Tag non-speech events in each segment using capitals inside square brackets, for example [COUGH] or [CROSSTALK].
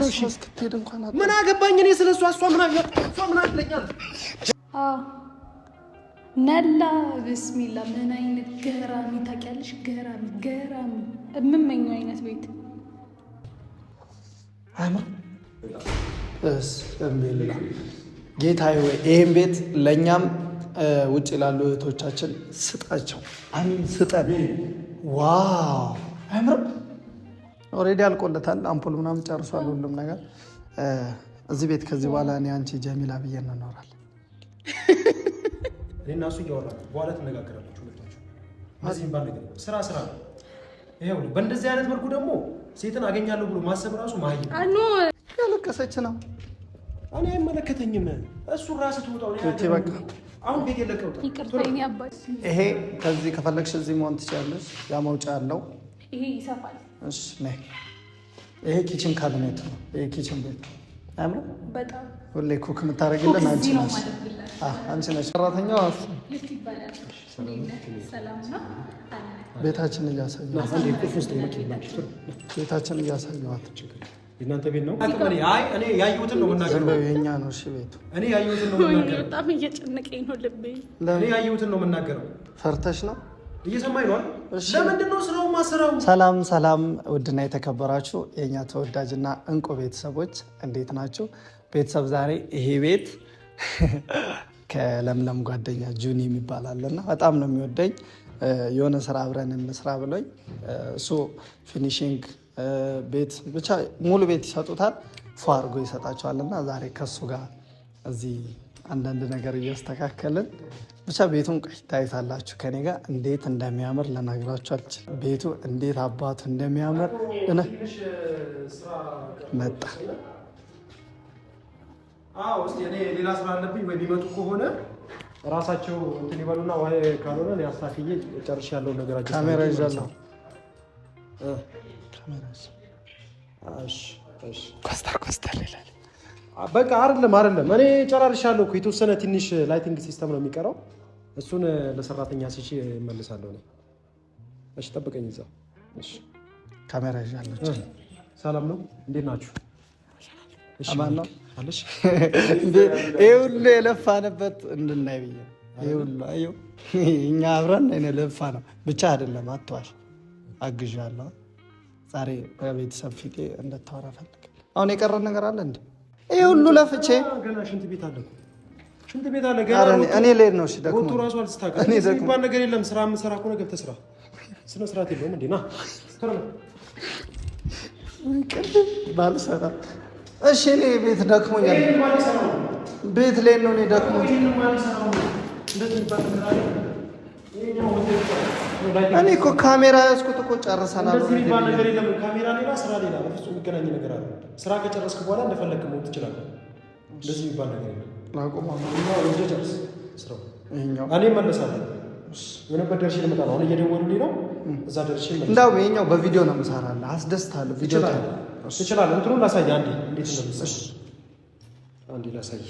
ነው? እሺ ምን አገባኝ እኔ ስለ እሷ። እሷ ምን አለኛል? ነላ ብስሚላ። ምን አይነት ገራሚ ታውቂያለሽ? ገራሚ ገራሚ የምመኘው አይነት ቤት አያምር ጌታ ወይ ቤት ለእኛም ውጭ ላሉ እህቶቻችን ስጣቸው። አሚን ስጠን። ዋው አያምርም? ኦልሬዲ አልቆለታል። አምፖል ምናምን ጨርሷል ሁሉም ነገር። እዚህ ቤት ከዚህ በኋላ እኔ አንቺ ጀሚላ ብዬ እንኖራል። እኔና እሱ እያወራን በኋላ ትነጋገራላችሁ ሁለታችሁ። ስራ ስራ ነው። ይኸውልህ በእንደዚህ አይነት መልኩ ደግሞ ሴትን አገኛለሁ ብሎ ማሰብ ራሱ ማየ ያለቀሰች ነው። እኔ አይመለከተኝም። እሱ ራስህ ትወጣው። በቃ አሁን ቤት የለቀውታ ይሄ ከዚህ ከፈለግሽ እዚህ መሆን ትችላለች። ያ መውጫ አለው። ይሄ ይሰፋል እሺ ነይ። ይሄ ኪችን ካቢኔት ነው። ይሄ ኪችን ቤት አያምርም? በጣም ሁሌ ኩክ የምታደርግልን አንቺ ነሽ። አንቺ ነሽ ቤታችን ቤታችን እያሳየኋት የእናንተ ቤት ነው። እኔ ያየሁትን ነው የእኛ ነው እሺ ቤቱ። እኔ ያየሁትን ነው የምናገረው። በጣም እየጨነቀኝ ነው ልቤ። እኔ ያየሁትን ነው የምናገረው። ፈርተሽ ነው እየሰማኝ ነው። ስራው ማሰራው? ሰላም ሰላም፣ ውድና የተከበራችሁ የእኛ ተወዳጅና እንቁ ቤተሰቦች እንዴት ናችሁ? ቤተሰብ ዛሬ ይሄ ቤት [LAUGHS] ከለምለም ጓደኛ ጁኒ የሚባል አለና በጣም ነው የሚወደኝ። የሆነ ስራ አብረን እንስራ ብሎኝ እሱ ፊኒሽንግ ቤት ብቻ ሙሉ ቤት ይሰጡታል፣ ፎ አድርጎ ይሰጣቸዋልና ዛሬ ከሱ ጋር እዚህ አንዳንድ ነገር እያስተካከልን ብቻ ቤቱን ቆይ ታዩታላችሁ። ከኔ ጋር እንዴት እንደሚያምር ልነግራችሁ አልችልም። ቤቱ እንዴት አባቱ እንደሚያምር እነ መጣ። ሌላ ስራ አለብኝ ወይ ሊመጡ ከሆነ ራሳቸው እንትን ይበሉና ዋ ካልሆነ ያስታክዬ ጨርሽ ያለው ነገራቸው ካሜራ ይዛለሁ። ኮስተር ኮስተር ይላል። በቃ አይደለም አይደለም፣ እኔ ጨራርሻለሁ እኮ የተወሰነ ትንሽ ላይቲንግ ሲስተም ነው የሚቀረው። እሱን ለሰራተኛ መልሳለሁ ነው። እሺ፣ ጠብቀኝ እዛ። እሺ፣ ካሜራ ይዣለች። ሰላም ነው? እንዴት ናችሁ? ይህ ሁሉ የለፋንበት እንድናይ ብዬ ይህ ሁሉ አየሁ። እኛ አብረን ለፋ ነው ብቻ አይደለም። አትዋሽ፣ አግዣለሁ። ዛሬ በቤተሰብ ፊቴ እንድታወራ ፈልግ። አሁን የቀረን ነገር አለ እንዴ? ይህ ሁሉ ለፍቼ ገና ሽንት ቤት አለኩ ሽንት ቤት አለ ገና እኔ ልሄድ ነው። እሺ ደግሞ ወጡ ራሱ አልስተካከለ እኔ ደግሞ የሚባል ነገር የለም። ስራ የምሰራ ከሆነ ገብተህ ስራ። ስነ ስርዓት የለውም እንዴ? ና ባልሰራ። እሺ እኔ ቤት ደክሞኛል። ቤት ልሄድ ነው እኔ ደክሞኛል። እኔ እኮ ካሜራ ያዝኩት እኮ ጨርሰናል። የሚባል ነገር የለም። ካሜራ ሌላ፣ ስራ ሌላ። በፍጹም የሚገናኝ ነገር አለ። ስራ ከጨረስክ በኋላ እንደፈለግህ መሆን ትችላለህ። እንደዚህ የሚባል ነገር የለም። ላቆማ ይሄኛው እኔ ልመጣ ነው። አሁን ነው። እዛ እንዳው ይሄኛው በቪዲዮ ነው የምሰራልህ። አስደስታለሁ። ቪዲዮ ትችላለህ። እንትኑን ላሳይ አንዴ፣ እንዴት ነው አንዴ ላሳይ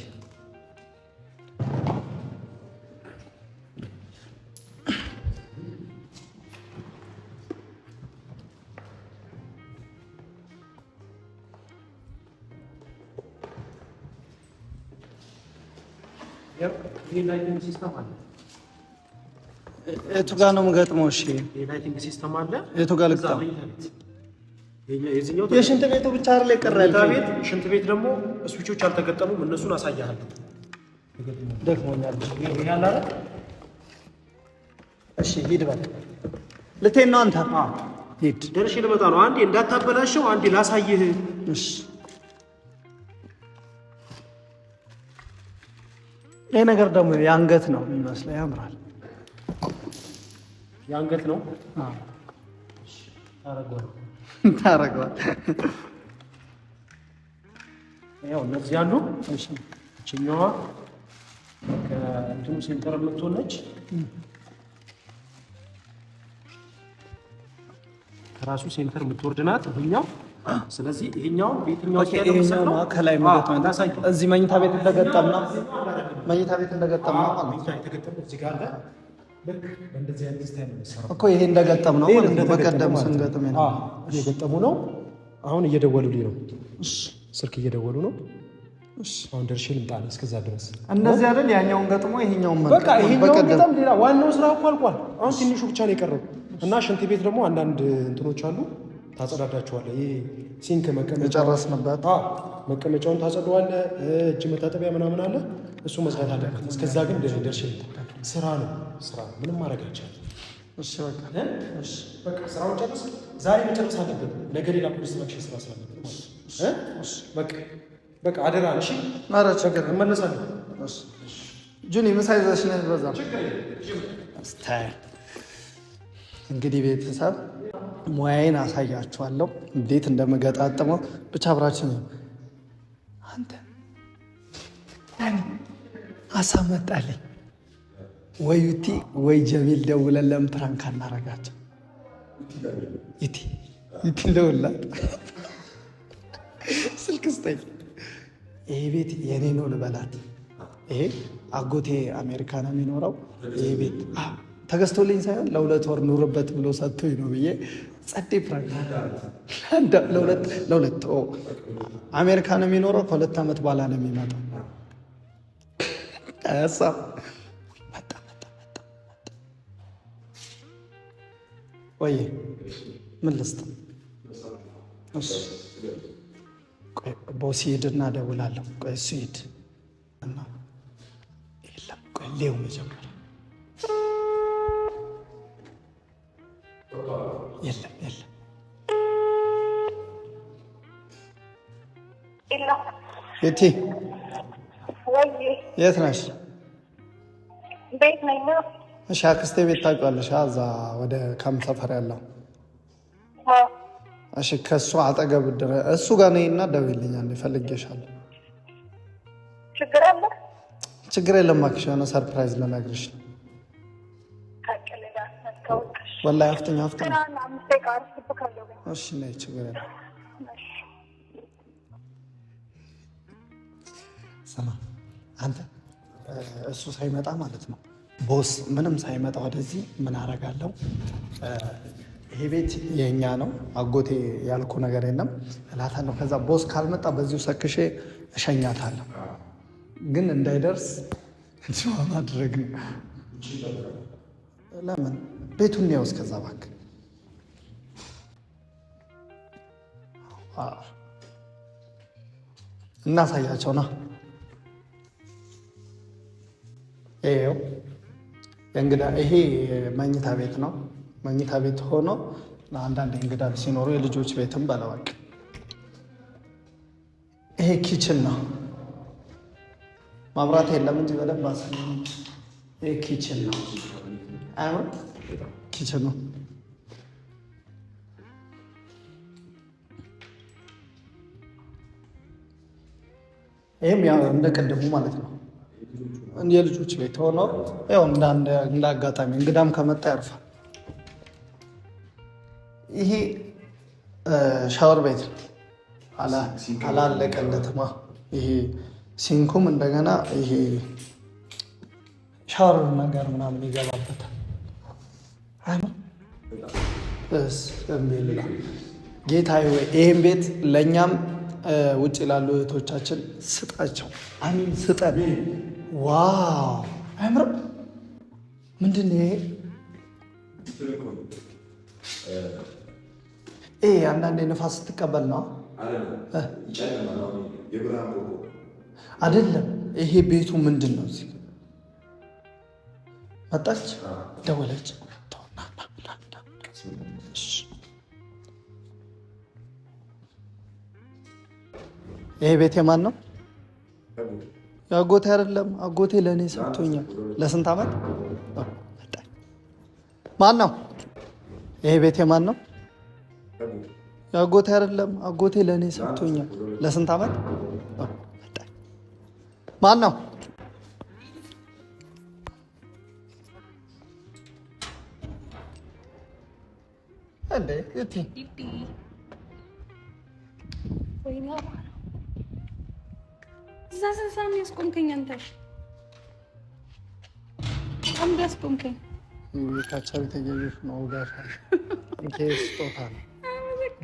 ላይቲንግ ሲስተም አለ። የቱ ጋር ነው የምገጥመው? እሺ የላይቲንግ ሲስተም አለ። የቱ ጋር ልግጣም? የሽንት ቤቱ ብቻ አይደል የቀረ ቤት። ሽንት ቤት ደግሞ ስዊቾች አልተገጠሙም። እነሱን አሳያለሁ። ደክሞኛል። እሺ ሂድ በል። ልትሄድ ነው አንተ? ሂድ። ደርሼ ልመጣ ነው። አንዴ እንዳታበላሸው፣ አንዴ ላሳይህ። እሺ ይህ ነገር ደግሞ የአንገት ነው የሚመስለው። ያምራል። የአንገት ነው ታረጓል። ያው እነዚህ ያሉ እችኛዋ ከእንትኑ ሴንተር የምትሆነች ከራሱ ሴንተር የምትወርድ ናት ይሄኛው። ስለዚህ ይሄኛው ቤትኛው ከላይ ማለት ነው። እዚህ መኝታ ቤት ነው መኝታ ቤት እንደገጠም ነው ማለት ነው እኮ ይሄ እንደገጠም ነው ማለት ነው። በቀደም ስንገጥም እየገጠሙ ነው። አሁን እየደወሉልኝ ነው፣ ስልክ እየደወሉ ነው። አሁን ደርሼ ልምጣ። እስከዛ ድረስ እነዚህ አይደል ያኛውን ገጥሞ ይሄኛውን በቃ ይሄኛውን ገጠም። ሌላ ዋናው ስራ እኮ አልቋል። አሁን ትንሹ ብቻ ነው የቀረው እና ሽንት ቤት ደግሞ አንዳንድ እንትኖች አሉ፣ ታጸዳዳቸዋለ። ይሄ ሲንክ መቀመጫ መቀመጫውን ታጸደዋለ። እጅ መታጠቢያ ምናምን አለ እሱ መዝጋት አለበት። እስከዛ ግን ደርሼ ስራ ነው ስራ ነው፣ ምንም ማድረግ አይቻልም። ስራውን ጨርስ። ዛሬ መጨረስ አለብን፣ ነገ ሌላ ስራ ስላለብን በቃ አደራ። እመለሳለሁ። ጁኒ በዛ እንግዲህ ቤተሰብ ሙያዬን አሳያችኋለሁ፣ እንዴት እንደምገጣጥመው ብቻ አብራችን አንተ አሳ መጣልኝ። ወይ ዩቲ ወይ ጀሚል ደውለን ለምን ፕራንክ አናረጋቸው? ዩቲ ዩቲ ደውላት ስልክ ስጠኝ፣ ይሄ ቤት የኔ ነው ልበላት። ይሄ አጎቴ አሜሪካ ነው የሚኖረው። ይሄ ቤት ተገዝቶልኝ ሳይሆን ለሁለት ወር ኑርበት ብሎ ሰጥቶኝ ነው ብዬ ጸዴ ፕራንክ ለሁለት አሜሪካ ነው የሚኖረው። ከሁለት ዓመት በኋላ ነው የሚመጣው ሀሳብ መጣ መጣ መጣ ወይ ምን ልስጥ? ቦስ ሂድና እደውላለሁ። ቆይ እሱ ሂድ እና የለም ቆይ ሌው መጀመሪያ የለም የለም የት ነሽ? ቤት ነኝ። እሺ አክስቴ ቤት ታውቂዋለሽ? እዛ ወደ ካም ሰፈር ያለው እሺ፣ ከእሱ አጠገብ እሱ ጋር ነይና ደውይልኛል። እፈልግሻለሁ። ችግር አለ? ችግር የለም እባክሽ፣ የሆነ ሰርፕራይዝ ልነግርሽ ነው። ወላሂ አፍጥኝ አፍጥኝ። እሺ ነይ፣ ችግር የለም። ስማ አንተ እሱ ሳይመጣ ማለት ነው ቦስ ምንም ሳይመጣ ወደዚህ ምን አረጋለው? ይሄ ቤት የእኛ ነው፣ አጎቴ ያልኩ ነገር የለም ነው። ከዛ ቦስ ካልመጣ በዚሁ ሰክሼ እሸኛታለሁ። ግን እንዳይደርስ ጅማ ማድረግ ነው። ለምን ቤቱን ያው እስከዛ ባክ እናሳያቸውና ይኸው እንግዳ ይሄ መኝታ ቤት ነው። መኝታ ቤት ሆኖ አንዳንድ እንግዳ ሲኖሩ የልጆች ቤትም ባለዋቅ ይሄ ኪችን ነው። ማብራት የለም እንጂ በደንብ ይሄ ኪችን ነው። አያምርም? ኪችን ነው። ይህም እንደ ቅድሙ ማለት ነው። የልጆች ቤት ሆኖ እንደ አጋጣሚ እንግዳም ከመጣ ያርፋል። ይሄ ሻወር ቤት አላለቀለትማ። ይሄ ሲንኩም እንደገና ይሄ ሻወር ነገር ምናምን ይገባበታል። ጌታ ይህን ቤት ለእኛም ውጭ ላሉ እህቶቻችን ስጣቸው። አሚን ስጠን ዋው አያምርም? ምንድን ነው ይሄ? ይሄ አንዳንዴ ነፋስ ስትቀበል ነው አይደለም? ይሄ ቤቱ ምንድን ነው? እዚህ መጣች፣ ደወለች። ይሄ ቤት የማን ነው? አጎቴ አይደለም አጎቴ ለእኔ ሰጥቶኛል። ለስንት ዓመት ማን ነው ይሄ ቤቴ? ማን ነው አጎቴ አይደለም አጎቴ ለእኔ ሰጥቶኛል። ለስንት ዓመት ማን ነው እንዴ? እዛ ስንት ሰዓት አንተ በጣም ያስቆምከኝ። ታቻቢ ተገቢሽ ነው ጋር እንኬስ ስጦታ ነው።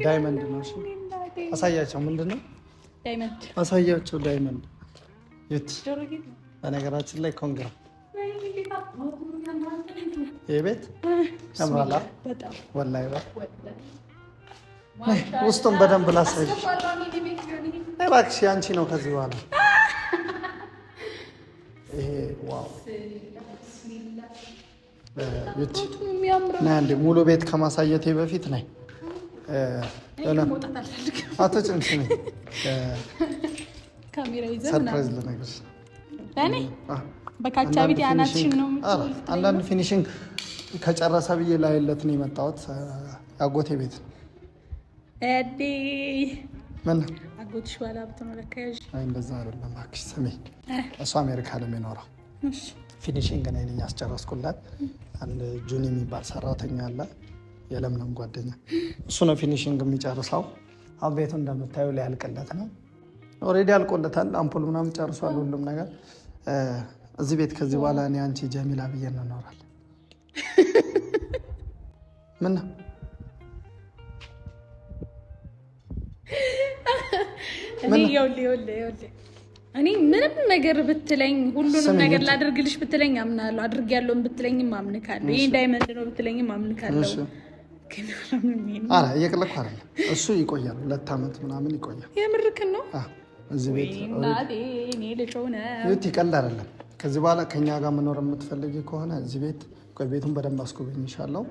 ዳይመንድ ነው። እሺ አሳያቸው። ምንድን ነው ዳይመንድ? አሳያቸው። ዳይመንድ የት? በነገራችን ላይ ኮንግራ የቤት ያምራላ ወላይ ውስጡን በደንብ ላሳይሽ። እባክሽ አንቺ ነው ከዚህ በኋላ ይሄ ዋው ሙሉ ቤት ከማሳየቴ በፊት ነኝ ሰርፕራይዝ ልነግርሽ አንዳንድ ፊኒሽንግ ከጨረሰ ብዬ ላይለት ነው የመጣሁት። ያጎቴ ቤት ነው አጎትሽ ባለ ሀብት አይ እንደዛ አይደለም እባክሽ ስሚ፣ እሱ አሜሪካ ነው የሚኖረው። ፊኒሽንግ እኔ ነኝ ያስጨረስኩላት። አንድ ጁኒ የሚባል ሰራተኛ አለ፣ የለምለም ጓደኛ። እሱ ነው ፊኒሽንግ የሚጨርሰው። አሁን ቤቱ እንደምታዩ ሊያልቅለት ነው። ኦልሬዲ አልቆለታል። አምፖል ምናምን ጨርሷል፣ ሁሉም ነገር። እዚህ ቤት ከዚህ በኋላ እኔ አንቺ ጀሚላ ብዬ እንኖራለን። ምን ነው እኔ ምንም ነገር ብትለኝ ሁሉንም ነገር ላደርግልሽ ብትለኝ አምናለሁ። አድርጌያለሁ ብትለኝም አምንካለሁ። ይሄ ዳይመንድ ነው ብትለኝም አምንካለሁ። እየቀለኩ አይደለም። እሱ ይቆያል፣ ሁለት ዓመት ምናምን ይቆያል። የምርክን ነው። እዚህ ቤት ቤት ይቀል አይደለም። ከዚህ በኋላ ከኛ ጋር መኖር የምትፈልጊ ከሆነ እዚህ ቤት ቤቱን በደንብ አስጎበኝሻለሁ።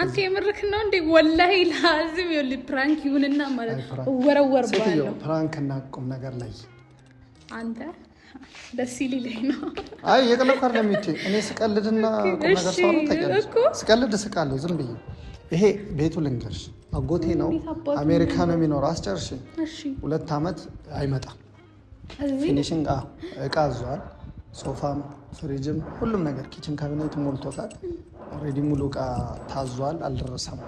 አንተ የምርክ ነው እንዴ? ወላሂ ላዝም ይኸውልህ፣ ፕራንክ ይሁንና ማለት ወረወር ባለው ፕራንክ እና ቁም ነገር ላይ አንተ ደስ ይለኝ ነው። አይ የቀለድኩ አይደለም። ይቺ እኔ ስቀልድና ቁም ነገር ሰው ታውቂያለሽ። ስቀልድ ስቃለሁ ዝም ብዬ። ይሄ ቤቱ ልንገርሽ፣ አጎቴ ነው አሜሪካ ነው የሚኖረው። አስጨርሽ ሁለት ዓመት አይመጣም። ፊኒሽንግ እቃ አዟል። ሶፋም፣ ፍሪጅም፣ ሁሉም ነገር ኪችን ካቢኔት ሞልቶታል። ኦልሬዲ ሙሉ እቃ ታዟል፣ አልደረሰም።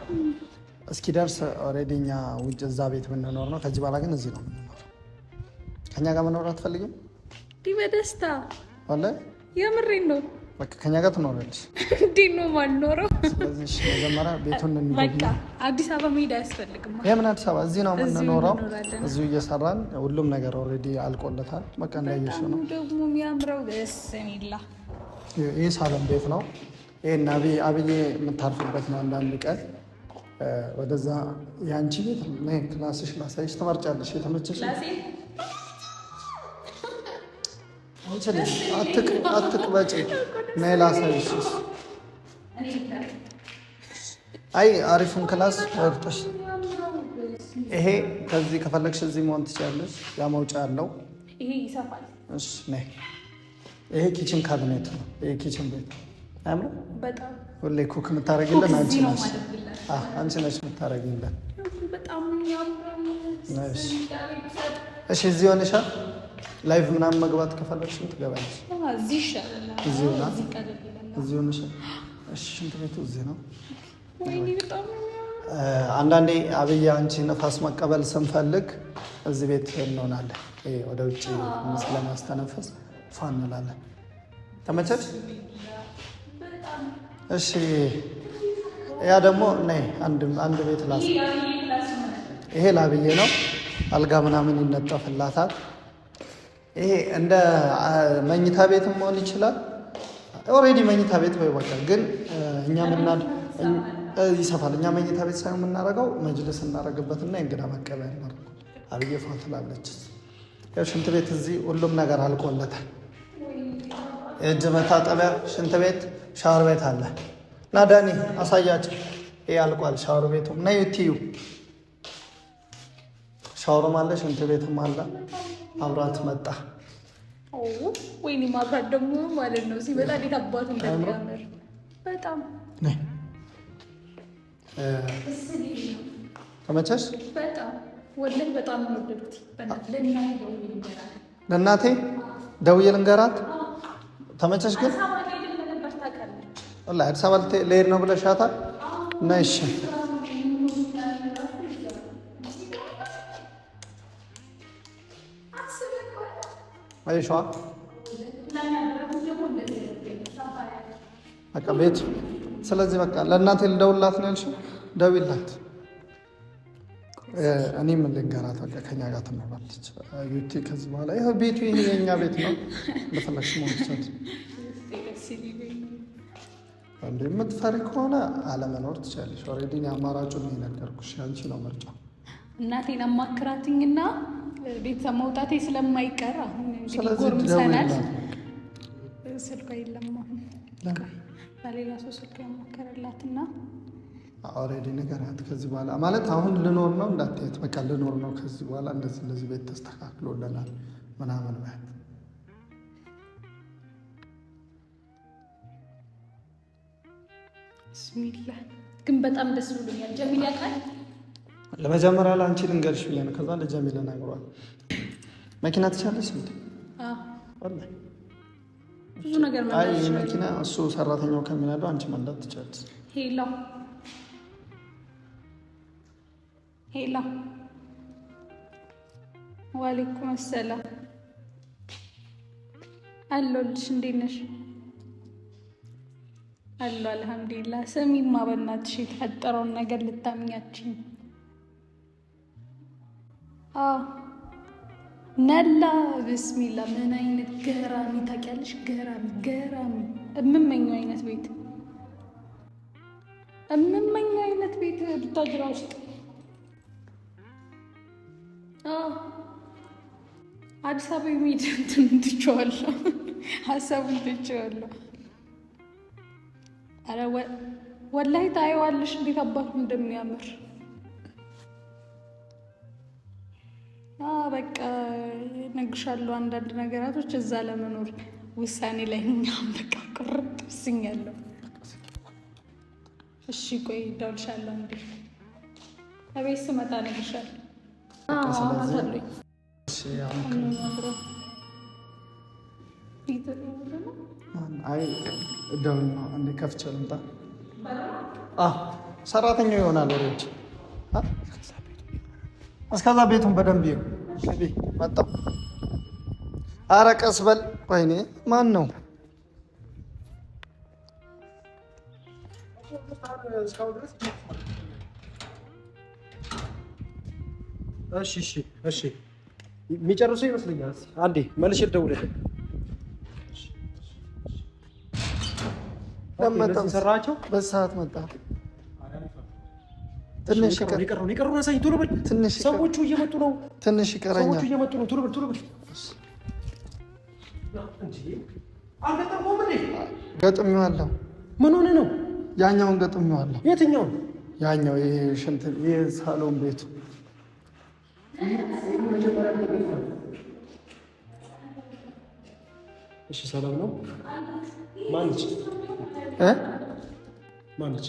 እስኪደርስ ኦልሬዲ እኛ ውጭ እዛ ቤት ምንኖር ነው። ከዚህ በኋላ ግን እዚህ ነው የምንኖር። ከእኛ ጋር መኖር አትፈልግም? አለ የምሬን ነው በቃ ከኛ ጋር ትኖራለች። እንዴት ነው የማልኖረው? ስለዚህ መጀመሪያ ቤቱን አዲስ አበባ መሄድ አያስፈልግም። የምን አዲስ አበባ? እዚህ ነው የምንኖረው። እዚሁ እየሰራን ሁሉም ነገር ኦልሬዲ አልቆለታል። በቃ እንዳየሽ ነው ደግሞ የሚያምረው ስሚላ። ይህ ሳሎን ቤት ነው። ይህና አብዬ የምታርፍበት ነው። አንዳንድ ቀን ወደዛ የአንቺ ቤት ክላስሽ ላሳይሽ፣ ትመርጫለሽ የተመቸሽ አትቅበጭ። ነይ ላሳይሽ። አይ አሪፉን ክላስ ወርጠሽ ይሄ ከዚህ ከፈለግሽ እዚህ መሆን ትችላለሽ። ያ መውጫ ያለው ይሄ ኪችን ካቢኔት ነው። ይሄ ኪችን ቤት ሁሌ ኩክ የምታደርጊልን አንቺ ነሽ፣ አንቺ ነሽ የምታደርጊልን። እሺ እዚህ ሆነሻል ላይቭ ምናምን መግባት ከፈለግሽም ትገባለሽ። እዚሁ ሽንት ቤቱ እዚህ ነው። አንዳንዴ አብይ አንቺ ነፋስ መቀበል ስንፈልግ እዚህ ቤት እንሆናለን። ወደ ውጭ ስለማስተነፈስ ፋ እንላለን። ተመቸሽ? እሺ። ያ ደግሞ አንድ ቤት ላስ ይሄ ለአብዬ ነው። አልጋ ምናምን ይነጠፍላታል። ይሄ እንደ መኝታ ቤት መሆን ይችላል። ኦልሬዲ መኝታ ቤት ወይ በቃ ግን እኛ ምና ይሰፋል። እኛ መኝታ ቤት ሳይሆን የምናደርገው መጅልስ እናደርግበትና የእንግዳ መቀበያ እናደርገው። አብዬ ፏ ትላለች። ሽንት ቤት እዚህ ሁሉም ነገር አልቆለታል። የእጅ መታጠቢያ፣ ሽንት ቤት፣ ሻወር ቤት አለ እና ዳኒ አሳያቸው። ይህ አልቋል ሻወር ቤቱ እና ዩቲዩ ሻወርም አለ፣ ሽንት ቤትም አለ። አብራት መጣ። ወይኔ ማብራት ደግሞ ማለት ነው ሲመጣ እንዴት አባቱ እንደሚያምር በጣም ተመቸሽ? በጣም ለእናቴ ደውዬ ልንገራት። ተመቸሽ? ግን አዲስ አበባ ልትሄድ ነው ብለሻታል? ነሽ ቀይሿ በቃ ቤት። ስለዚህ በቃ ለእናቴ ልደውልላት ነው ያልሽኝ፣ ደውይላት። እኔ ምን ልንገራት፣ በቃ ከኛ ጋር ትኖራለች። ዩቲ ከዚህ በኋላ ይህ ቤቱ ይህ የኛ ቤት ነው። በፈለግሽ መውሰድ እንደ የምትፈሪ ከሆነ አለመኖር ትችላለሽ። ኦልሬዲ አማራጩን የነገርኩሽ አንቺ ነው ምርጫ። እናቴን አማክራትኝና ቤተሰብ መውጣቴ ስለማይቀር አሁን እንግዲህ ስልኳ የለም አሁን በሌላ ሰው ስልክ ያሞከረላት እና ኦልሬዲ ነገራት። ከዚህ በኋላ ማለት አሁን ልኖር ነው እንዳትሄድ፣ በቃ ልኖር ነው ከዚህ በኋላ እንደዚህ እንደዚህ ቤት ተስተካክሎልናል ምናምን ማለት ግን በጣም ደስ ብሎኛል። ጀሚል ያውቃል። ለመጀመሪያ ለአንቺ ልንገርሽ ብዬ ነው። ከዛ ለጀሚል ነግሯል። መኪና ትቻለሽ እንዴ? መኪና እሱ ሰራተኛው ከሚናለው አንቺ መንዳት ትችላለች። ሄላ ሄላ ዋሌኩም ሰላም አለሁልሽ። እንዴት ነሽ? አለሁ አልሐምዱሊላህ። ስሚማ በእናትሽ የተፈጠረውን ነገር ልታምኛችን ነላ ብስሚላ ምን አይነት ገራሚ ታውቂያለሽ? ገራሚ ገራሚ እምመኘው አይነት ቤት እምመኘው አይነት ቤት ብታጅራ ውስጥ አዲስ አበባ የሚሄድ እንትን ትቼዋለሁ፣ [LAUGHS] ሀሳቡን ትቼዋለሁ። ኧረ ወላሂ ታየዋለሽ እንዴት አባቱ እንደሚያምር በቃ እነግርሻለሁ አንዳንድ ነገራቶች እዛ ለመኖር ውሳኔ ላይ እኛም በቃ ቁርጥ ብስኛለሁ። እሺ ቆይ እደውልልሻለሁ። እንዴ ከቤት ስመጣ እነግርሻለሁ። ሰራተኛው ይሆናል ወሬዎች እስከዛ ቤቱን በደንብ ይሁ መጣው። አረ ቀስ በል። ወይኔ ማን ነው? እሺ እሺ እሺ፣ የሚጨርሱ ይመስለኛል። አንዴ መልሼ ልደውልህ። ለምን ሰራቸው በሰዓት መጣ ትንሽ ይቀረናል። የቀረውን ሰዎቹ እየመጡ ነው። ትንሽ ይቀረኛል። ሰዎቹ እየመጡ ነው። ገጥሜዋለሁ። ምን ሆነ ነው? ያኛውን ገጥሜዋለሁ። የትኛውን? ያኛው ይሄ ሽንት የሳሎን ቤቱ እሺ፣ ሰላም ነው። ማነች? ማነች?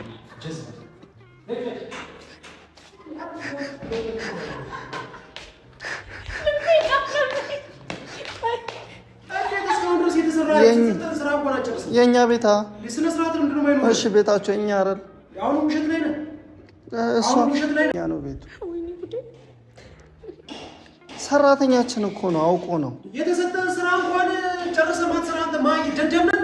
የእኛ ቤታ እሺ፣ ቤታቸው እኛ አይደል? እሷ እኛ ነው ቤቱ። ሰራተኛችን እኮ ነው፣ አውቆ ነው የተሰጠን ስራ እንኳን ጨርሰማት ስራ ደደምን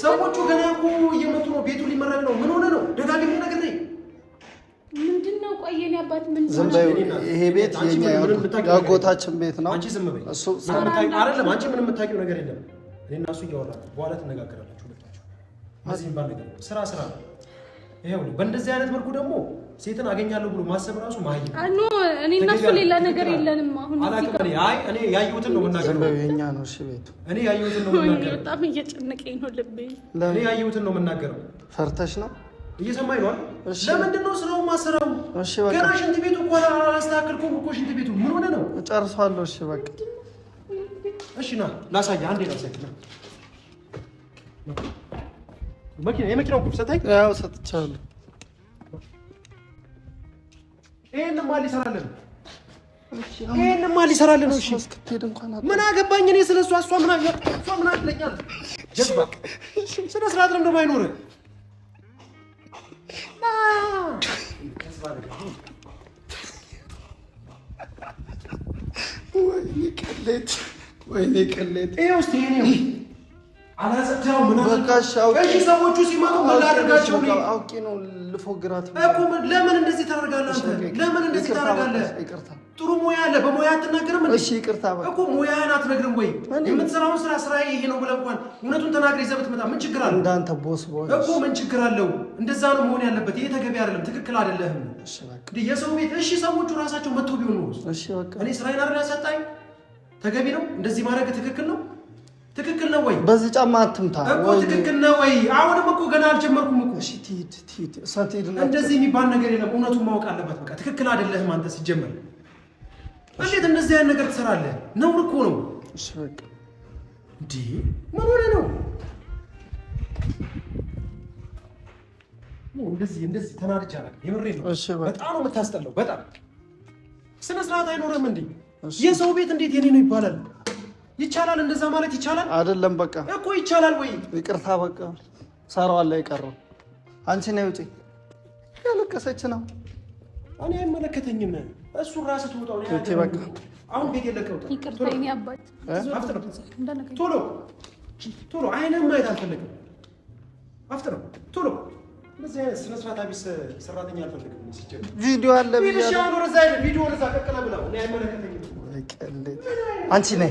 ሰዎቹ ገና እኮ እየመጡ ነው። ቤቱ ሊመረቅ ነው። ምን ሆነ ነው? ደጋግሞ ነገር ነኝ ምንድነው? ቆይ የኔ አባት ምን ዝም ይሄ ቤት የኛ ያጎታችን ቤት ነው። አንቺ ዝም በይ። እሱ አይደለም። አንቺ ምንም የምታውቂው ነገር የለም። እኔና እሱ እያወራን በኋላ ትነጋገራላችሁ ሁለታችሁ። ስራ ስራ። ይኸውልህ በእንደዚህ አይነት መልኩ ደግሞ ሴትን አገኛለሁ ብሎ ማሰብ ራሱ ማየ አኑ እኔ እና እሱ ሌላ ነገር የለንም። አሁን አይ እኔ ያየሁትን ነው የምናገረው። የኛ ነው እሺ፣ ቤቱ እኔ ያየሁትን ነው የምናገረው። በጣም እየጨነቀኝ ነው ልቤ። እኔ ያየሁትን ነው የምናገረው። ፈርተሽ ነው እየሰማኝ ነው አይደል? ለምንድን ነው ስራው ማሰራው? እሺ በቃ ገና ሽንት ቤቱ እኮ አላስተካከልኩም እኮ ሽንት ቤቱ ምን ሆነ ነው? እጨርሳለሁ። እሺ በቃ እሺ፣ ና ላሳየህ፣ አንዴ ላሳየህ። መኪና የመኪናውን ቁም ሰጠኝ። ያው ሰጥቻለሁ ይሄን ማን ሊሰራልህ ነው? ነው? እሺ ምን አገባኝ እኔ ስለ እሷ። እሷ ምን አትለኛል። ስነ ስርዓት ለምደማ አይኖርህ ወይኔ ቅሌት፣ ወይኔ ቅሌት ሰዎቹ ሲመጡ ምን ላደርጋቸው? አውቄ ነው ልፎግራት እኮ። ለምን እንደዚህ ታደርጋለህ? ለምን እንደዚህ ታደርጋለህ? ጥሩ ሙያ አለ። በሙያ አትናገርም? እሺ ይቅርታ እኮ አትነግርም ወይ? የምትሰራውን ስራ ስራ ይሄ ነው ብለህ እንኳን እውነቱን ተናግረህ ይዘህ ብትመጣ ምን ችግር አለው? እንዳንተ ቦስ እኮ ምን ችግር አለው? እንደዛ ነው መሆን ያለበት። ይሄ ተገቢ አይደለም፣ ትክክል አይደለህም። የሰው ቤት እሺ፣ ሰዎቹ ራሳቸው መጥተው ቢሆኑ እኔ ስራዬን አይደል ያሳጣኝ? ተገቢ ነው እንደዚህ ማድረግ ትክክል ነው። ትክክል ነው ወይ? በዚህ ጫማ አትምታ እኮ ትክክል ነው ወይ? አሁንም እኮ ገና አልጀመርኩም እኮ። እሺ ትሂድ ትሂድ፣ እሷ ትሂድ። እንደዚህ የሚባል ነገር የለም። እውነቱን ማወቅ አለበት። በቃ ትክክል አይደለህም አንተ። ሲጀመር እንዴት እንደዚህ አይነት ነገር ትሰራለህ? ነውር እኮ ነው። እሺ በቃ እንዴ፣ ምን ሆነ ነው እንደዚህ እንደዚህ ተናድጄ አላውቅም። የምሬን ነው። በጣም ነው የምታስጠላው። በጣም ስነ ስርዓት አይኖርም እንዴ! የሰው ቤት እንዴት የኔ ነው ይባላል? ይቻላል እንደዛ ማለት ይቻላል። አይደለም በቃ እኮ ይቻላል ወይ? ይቅርታ በቃ ሰራው አለ የቀረው አንቺ ነው ውጪ። ያለቀሰች ነው። እኔ አይመለከተኝም። እሱ ራስ ትወጣው ነው ያለው። በቃ አሁን ቤት የለቀውታ። ይቅርታ የኔ አባት ቶሎ ቶሎ አይነን ማየት አልፈለግም። አፍጥር ቶሎ። እንደዚህ ስነ ስርዓት ቢስ ሰራተኛ አልፈልግም። ሲጀምር ቪዲዮ አለ ብያለሁ። ቪዲዮ ወደዛ ቀቅለ ብለው እኔ አይመለከተኝም። አንቺ ነይ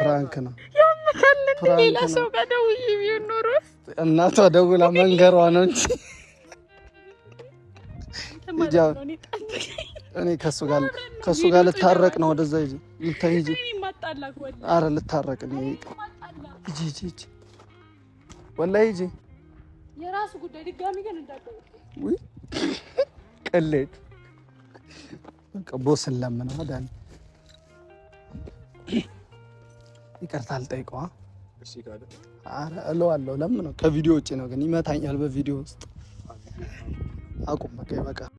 ፕራንክ ነው። ሌላ ሰው ጋር ደውዬ ቢሆን ኖሮ እናቷ ደውላ መንገሯ ነው እንጂ እኔ ከሱ ጋር ከሱ ጋር ልታረቅ ነው። ወደዛ ልታይ አረ ልታረቅ ነው። ወላሂ የራሱ ጉዳይ ድጋሚ ግን በቃ ቦስን ለምነው ይቅርታ አልጠይቀዋ እለዋለሁ። ለምን ነው ከቪዲዮ ውጭ ነው ግን ይመታኛል። በቪዲዮ ውስጥ አቁም፣ በቃ ይበቃ።